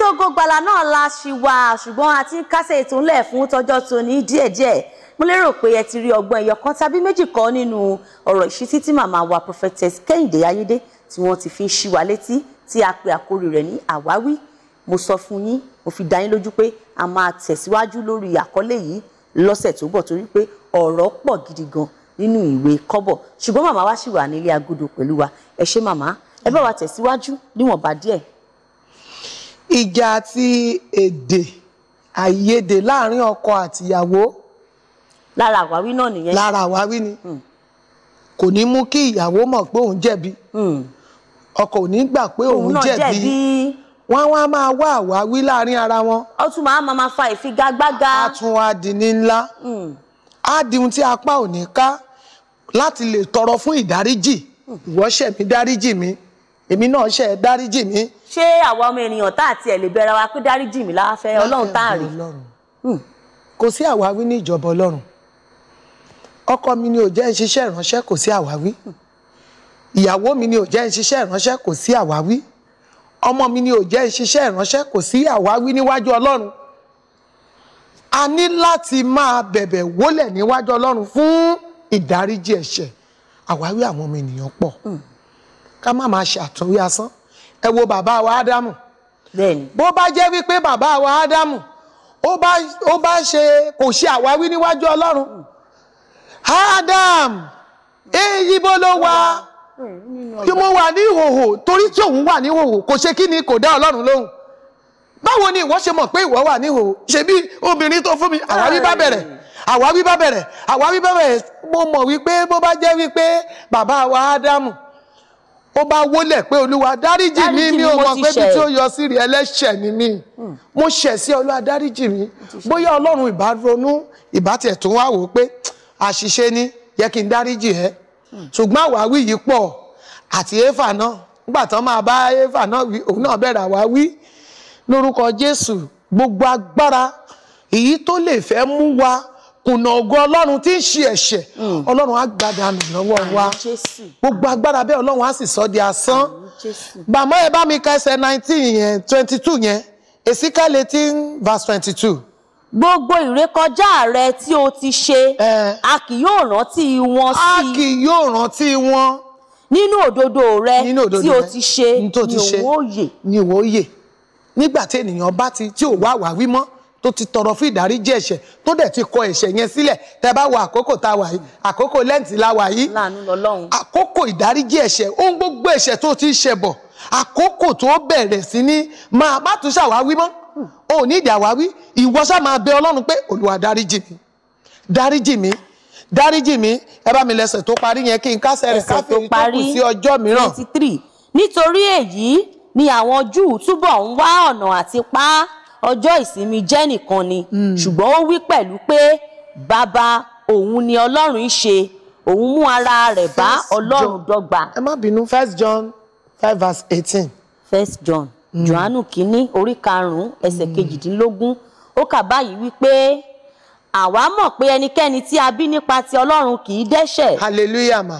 ètò Ògo Ìgbàlà náà la ṣì wà ṣùgbọ́n a ti ń kásẹ̀ ètò ńlẹ̀ fún tọjọ́ tòní díẹ̀díẹ̀ mo lérò pé ẹ ti rí ọgbọ́n ẹyọ kan tàbí méjì kan nínú ọ̀rọ̀ ìṣítí tí màmá wa prophetess Kẹ́hìndé Ayédè tí wọ́n ti fi ń ṣí wa létí tí a pe àkórí rẹ̀ ní àwáwí mo sọ fún yín mo fi dá yín lójú pé a máa tẹ̀síwájú lórí àkọlé yìí lọ́sẹ̀ tó bọ̀ torí pé ọ̀rọ̀ pọ̀ gidi gan nínú ìwé kọ́bọ̀ ṣùgbọ́n màmá wa ṣì wà nílé agodo pẹ̀lú wa ẹ ṣé màmá ẹ bá wa tẹ̀síwájú níwọ̀nba díẹ̀ ìjà àti èdè àìyedè láàrin ọkọ àtìyàwó. lára àwáwí náà nìyẹn. lára àwáwí ni hmm. kò ní mú kí ìyàwó mọ̀ pé òun jẹ̀bi hmm. ọkọ ò ní gbà pé òun jẹ̀bi wọ́n wá máa wá àwáwí láàrin ara wọn. ó tún máa ma fa ìfigagbága. a tún wá di ní ńlá á hmm. di ohun tí apá ò ní ká láti lè tọrọ fún ìdáríjì ìwọ mi dáríjì mi. Mm èmi náà ṣe é dáríjì mi. ṣé àwa ọmọ ènìyàn tá àti ẹ̀ lè bẹ̀rẹ̀ wa pé dáríjì mi láfẹ́ ọlọ́run tá a rí. Hmm. kò sí àwáwí ní ìjọba ọlọ́run ọkọ mi ni ò jẹ́ ń ṣiṣẹ́ ìránṣẹ́ kò sí àwáwí hmm. ìyàwó mi ni ò jẹ́ ń ṣiṣẹ́ ìránṣẹ́ kò sí àwáwí ọmọ mi ni ò jẹ́ ń ṣiṣẹ́ ìránṣẹ́ kò sí àwáwí níwájú ọlọ́run a ní láti máa bẹ̀bẹ̀ wólẹ̀ níwájú ọlọ́run fún ìdáríjì ẹ̀ṣẹ̀ àwáwí àwọn ọmọ ènìyàn pọ̀. Mm ká má máa ṣàtúnwí asán ẹ wo bàbá wa ádámù bó bá jẹ́ wípé bàbá wa ádámù ó bá ṣe kò ṣe àwáwí níwájú ọlọ́run adam èyíbo ló wà tí mo wà ní ìhòhò torí tí òun wà ní ìhòhò kò ṣe kí ni kò dá ọlọ́run lóhùn báwo ni ìwọ ṣe mọ̀ pé ìwọ wà ní ìhòhò ṣebí obìnrin tó fún mi àwáwí bá bẹ̀rẹ̀ àwáwí bá bẹ̀rẹ̀ àwáwí bá bẹ̀rẹ̀ mo mọ̀ wípé bó bá jẹ́ wípé bàbá wa ádámù ó bá wólẹ̀ pé olúwa dáríjì mi mi ò mọ̀ pé bí tí ó yọ sí rí ẹlẹ́ṣẹ̀ ni mí hmm. mo ṣẹ̀ sí olúwa dáríjì mi bóyá ọlọ́run ìbá ronú ìbá tiẹ̀ tún wá wò ó pé àṣìṣe ni yẹ kí n dáríjì ẹ́ hmm. ṣùgbọ́n àwáwí yìí pọ̀ àti éfà náà nígbà tán máa bá éfà náà wí òun náà bẹ̀rẹ̀ àwáwí lórúkọ jésù gbogbo agbára èyí tó lè fẹ́ mú wa kùnà ògo ọlọ́run tí ń ṣe ẹ̀ṣẹ̀ mm. ọlọ́run á gbàdánù lọ́wọ́ wa gbogbo agbára bẹ́ẹ̀ ọlọ́run á sì sọ di asán bàmọ́ ẹ bá mi ka ẹsẹ̀ nineteen yẹn twenty two yẹn Èsíkà eighteen verse twenty two. gbogbo ìrékọjá rẹ tí o ti ṣe a kì yóò rántí wọn sí i a kì yóò rántí wọn nínú òdodo rẹ tí o ti ṣe ni òun yè. nígbà tí ènìyàn bá ti tí ò wá wà wí mọ́ tó ti tọrọ fún ìdáríjì ẹ̀ṣẹ̀ tó dẹ̀ ti kọ ẹ̀ṣẹ̀ yẹn sílẹ̀ tẹ́ bá wo àkókò tá a wà yìí àkókò lẹ́ǹtì la wà yìí àkókò ìdáríjì ẹ̀ṣẹ̀ ohun gbogbo ẹ̀ṣẹ̀ tó ti ń ṣe bọ̀ àkókò tó bẹ̀rẹ̀ sí ní máa bá tún ṣàwáwí mọ́ o ò ní ìdí àwáwí ìwọ ṣá máa bẹ ọlọ́run pé olúwa dáríjì mi dáríjì mi dáríjì mi ẹ bá mi lẹ́ṣẹ̀ tó parí yẹn kí n kásẹ̀ rẹ̀ káfíìrì tó kù sí ọjọ́ mìíràn. nítorí èyí ni àwọn júù túbọ̀ ń wá ọ̀nà àti pa á ọjọ́ ìsinmi jẹ́ nìkan ni hmm. ṣùgbọ́n ó wí pẹ̀lú pé bàbá òun ni ọlọ́run ń ṣe òun mú ara rẹ̀ bá ọlọ́run dọ́gba. ẹ má bínú first john five verse eighteen. first john mm. johannu kínní orí karùnún ẹsẹ̀ hmm. kejìdínlógún ó kà báyìí wípé àwa mọ̀ pé ẹnikẹ́ni tí a bí nípa ti ọlọ́run kì í dẹ́ṣẹ̀. hallelujah ma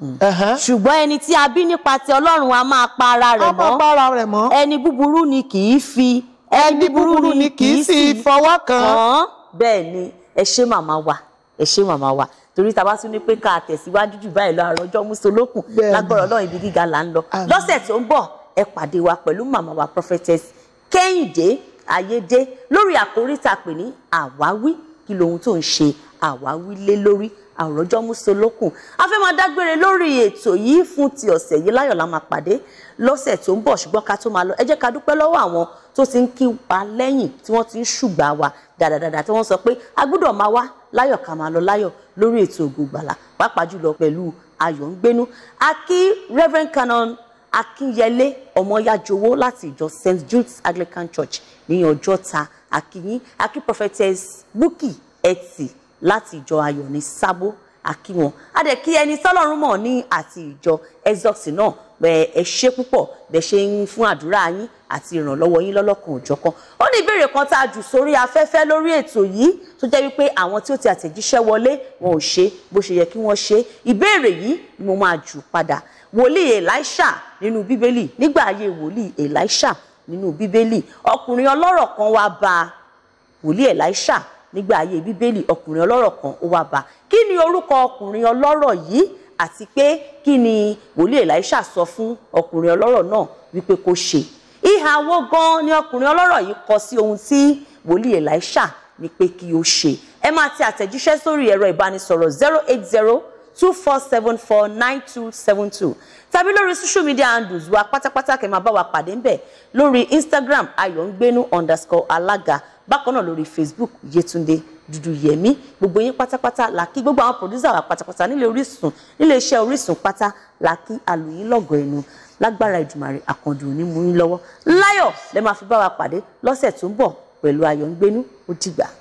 hmm. ṣùgbọ́n ẹni tí a bí nípa ti ọlọ́run a máa pa ara rẹ̀ mọ́ ẹni búburú ni kì í fi ẹni búburú ni kì í sì fọwọ́ kàn bẹ́ẹ̀ ni ẹ ṣé màmá wa ẹ ṣé màmá wa torí ta bá tún ní pé ká tẹ̀síwájú jù báyìí lọ àrùn ọjọ́ mùsùlùkùn lágbọ́rọ̀ lọ́yìn ibi gíga là ń lọ lọ́sẹ̀ tó ń bọ̀ ẹ pàdé wa pẹ̀lú màmá wa prophetess kẹ́hìndé ayédè lórí àkórí tá a pè ní àwáwí kí lohun tó ń ṣe àwáwí lé lórí àwòránjọ́ músolókùn a fẹ́ máa dágbére lórí ètò yìí fún ti ọ̀sẹ̀ yìí láyọ̀ la máa pàdé lọ́sẹ̀ tó ń bọ̀ ṣùgbọ́n ká tó máa lọ ẹ jẹ́ ká dúpẹ́ lọ́wọ́ àwọn tó ti ń kí wa lẹ́yìn tí wọ́n ti ń ṣùgbà wa dáadáa tí wọ́n sọ pé a gbọ́dọ̀ máa wá láyọ̀ ká máa lọ láyọ̀ lórí ètò Ògo pàápàá jùlọ pẹ̀lú ayọ̀ ń gbénú a Reverend Canon Akínyẹlé Ọmọyájowó láti ìjọ St Jude's Anglican Church ní Ọjọ́ta a kí yín Prophetess Bukky Etsy láti ìjọ ayọ̀ ní sábó akíwọn adẹ̀kí ẹni tọ́lọ́run mọ̀ ní àti ìjọ exox náà bẹ́ẹ̀ ẹ ṣe púpọ̀ bẹ́ẹ̀ ṣe ń fún àdúrà yín àti ìrànlọ́wọ́ yín lọ́lọ́kan òjọ̀kan ó ní ìbéèrè kan tá a jù sórí afẹ́fẹ́ lórí ètò yìí tó jẹ́ wípé àwọn tí ó ti àtẹ̀jíṣẹ́ wọlé wọn ò ṣe bó ṣe yẹ kí wọ́n ṣe ìbéèrè yìí ni mo máa jù padà wòlíì Èlíṣà nínú bíbélì nígbà ayé wòlíì Èlíṣà nínú bíbélì ọkùnrin ọlọ́rọ̀ kan wá bá wòlíì Èlíṣà nígbà ayé bíbélì ọkùnrin ọlọ́rọ̀ kan ó wá bá kí ni orúkọ ọkùnrin ọlọ́rọ̀ yìí àti pé kí ni wòlíì Èlíṣà sọ fún ọkùnrin ọlọ́rọ̀ náà wípé kó ṣe ìhà wo gan ni ọkùnrin ọlọ́rọ̀ yìí kọ sí ohun tí wòlíì Èlíṣà ní pé kí ó ṣe ẹ máa ti àtẹ̀jíṣẹ́ sórí ẹ̀rọ ìbánisọ̀rọ̀ zero eight zero two four seven four nine two seven two tàbí lórí social media handles wa pátápátá kẹ́ máa bá wa pàdé lórí instagram ayọ̀ngbénu underscore alága bákan náà lórí facebook yetunde Dùdùyẹmí gbogbo yín pátápátá làkí gbogbo àwọn producer wa pátápátá nílé orísun nílé iṣẹ́ orísun pátá làkí àlùyìn lọ́gọ̀ ẹnu lágbára ìdùmàrè àkàndùn ní mú yín lọ́wọ́ láyọ̀ lẹ máa fi bá wa pàdé lọ́sẹ̀ tó ń bọ̀ pẹ̀lú ayọ̀ngbénu ó dìgbà.